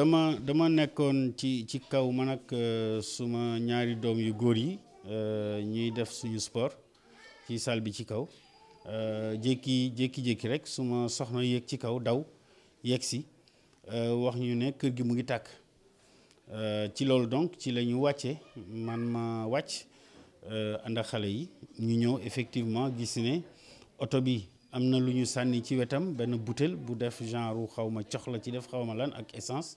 dama dama nekkoon ci ci kaw man ak euh, suma ñaari doom yu góor yi euh, ñuy def suñu sport ci salle bi ci kaw euh, jékki jékki-jékki rek suma soxna yéeg ci kaw daw yegg si wax ñu ne kër gi mu ngi tàkk ci loolu donc ci la ñu wàcce man ma wàcc ànd xale yi ñu ñëw effectivement gis ne oto bi am na lu ñu sànni ci wetam benn butéel bu def genre xaw ma cox la ci def xawma lan ak essence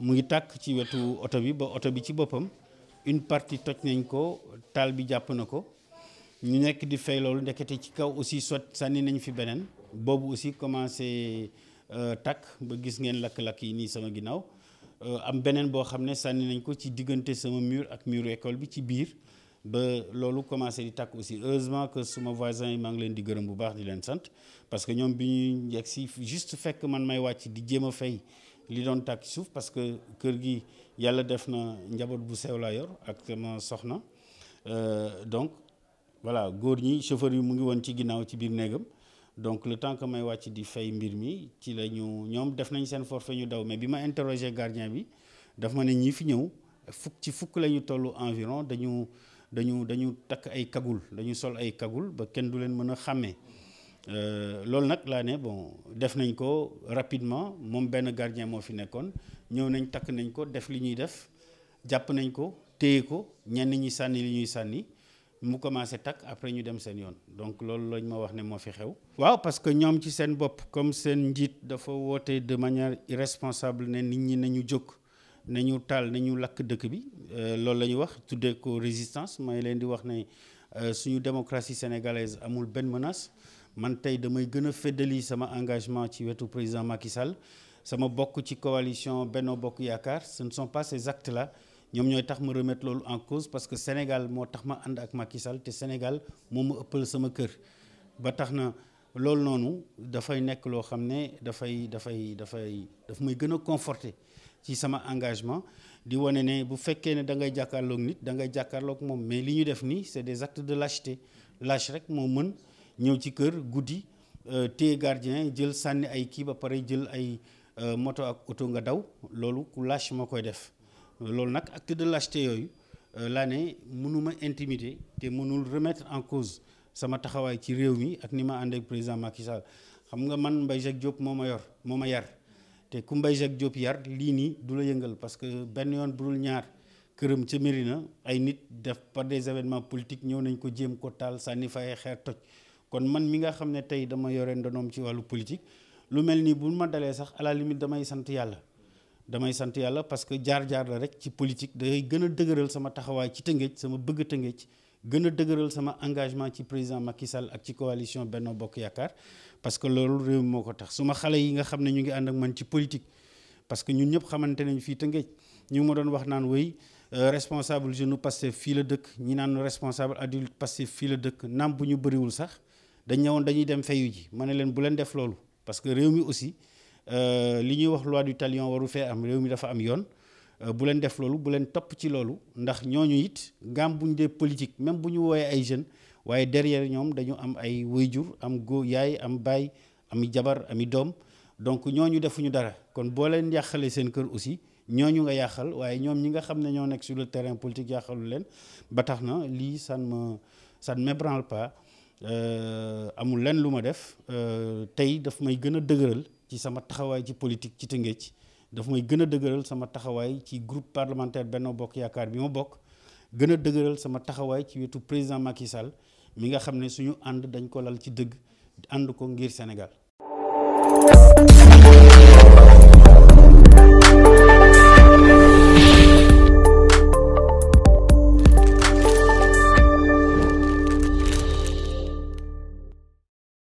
mu ngi tàkk ci wetu oto bi ba oto bi ci boppam une partie toj nañ ko taal bi jàpp na ko ñu nekk di fay loolu ndekete ci kaw aussi sot sànni nañ fi beneen boobu aussi commencé euh, tàkk ba gis ngeen lakk-lakk yi nii sama ginnaaw euh, am beneen boo xam ne sànni nañ ko ci diggante sama mur ak muru école bi ci biir ba loolu commencé di tàkk aussi heureusement que suma voisin yi maa ngi leen di gërëm bu baax di leen sant parce que ñoom bi ñuy yegg si juste fekk man may wàcc di jéem a fay li doon tàkk suuf parce que kër gi yàlla def na njaboot bu sew laa yor ak sama soxna euh, donc voilà góor ñi chauffeur yi mu ngi woon ci ginnaaw ci biir néegam donc le temps que may wàcc di fay mbir mi ci la ñu ñoom def nañ seen forfait ñu daw mais bi ma interrogé gardien bi daf ma ne ñi fi ñëw fukk ci fukk la ñu toll environ dañu dañu dañu takk ay kagul dañu sol ay kagul ba kenn du leen mën a xàmmee Euh, loolu nag laa ne bon def nañ ko rapidement moom benn gardien moo fi nekkoon ñëw nañ takk nañ ko def li ñuy def jàpp nañ ko téye ko ñenn ñi sànni li ñuy sànni mu commencé takk après ñu dem seen yoon donc loolu lañ ma wax ne moo fi xew. waaw parce que ñoom ci seen bopp comme seen njiit dafa woote de manière irresponsable ne nit ñi nañu jóg nañu taal nañu lakk dëkk bi euh, loolu la ñu wax tuddee ko résistance may leen di wax ne euh, suñu démocratie sénégalaise amul benn menace. man tey damay gën a feddali sama engagement ci wetu président Macky Sall sama bokk ci coalition Benno Bokk Yaakaar ce ne sont pas ces actes là ñoom ñooy tax ma remettre loolu en cause parce que Sénégal moo tax ma ànd ak Macky Sall te Sénégal moom ma ëppal sama kër ba tax na loolu noonu dafay nekk loo xam ne dafay dafay dafay dafa may gën a conforter ci sama engagement di wane ne bu fekkee ne da ngay jàkkaarloog nit da ngay jàkkaarloog moom mais li ñu def nii c'est des actes de lâcheté lâche rek moo mën ñëw ci kër guddi euh, téye gardien jël sànni ay kii ba pare jël ay euh, moto ak oto nga daw loolu ku lâche moo koy def euh, loolu nag acte de lâcheté yooyu laa ne mënuma intimider te mënul remettre en cause sama taxawaay ci réew mi ak ni ma ànd ak président Macky xam nga man mbay Jacques Diop moo ma yor moo ma yar te ku Mbaye Jacques Diop yar lii nii du la yëngal parce que benn yoon budul ñaar këram ca Mérina ay nit def par des événements politiques ñëw nañ ko jéem ko taal sànni fay xeer toj kon man mi nga xam ne tey dama yore ndonoom ci wàllu politique lu mel nii bu ma dalee sax à la damay sant yàlla damay sant yàlla parce que jaar-jaar la rek ci politique day gën a dëgëral sama taxawaay ci Tëngéej sama bëgg Tëngéej gën a dëgëral sama engagement ci président Macky Sall ak ci coalition Benno Bokk Yaakaar parce que loolu réew moo ko tax su ma xale yi nga xam ne ñu ngi ànd ak man ci politique parce que ñun ñëpp xamante nañ fii Tëngéej ñu ma doon wax naan wéy euh, responsable jeune Pastef fii la dëkk ñi naan responsable adulte Pastef fii la dëkk naam bu ñu bëriwul sax dañ ñëwoon dañuy dem fayu ji ma ne leen bu leen def loolu parce que réew mi aussi euh, li ñuy wax loi du talion waru fee am réew mi dafa am yoon euh, bu leen def loolu bu leen topp ci loolu ndax ñooñu it gam bu ñu dee politique même bu ñu woowee ay jeunes waaye derrière ñoom dañu am ay wayjur am góor yaay am baay ami jabar ami doom donc ñoo ñooñu defuñu dara kon boo leen yàqalee seen kër aussi ñoo ñu nga yàqal waaye ñoom ñi nga xam ne ñoo nekk su le terrain politique yàqalu leen ba tax na lii ça ne me ça Euh, amul lenn lu ma def euh, tey dafa may gën a dëgëral ci sama taxawaay ci politique ci ci dafa may gën a dëgëral sama taxawaay ci groupe parlementaire Benno Bokk Yaakaar bi ma bokk gën a dëgëral sama taxawaay ci wetu président Macky mi nga xam ne suñu ànd dañ ko lal ci dëgg ànd ko ngir Sénégal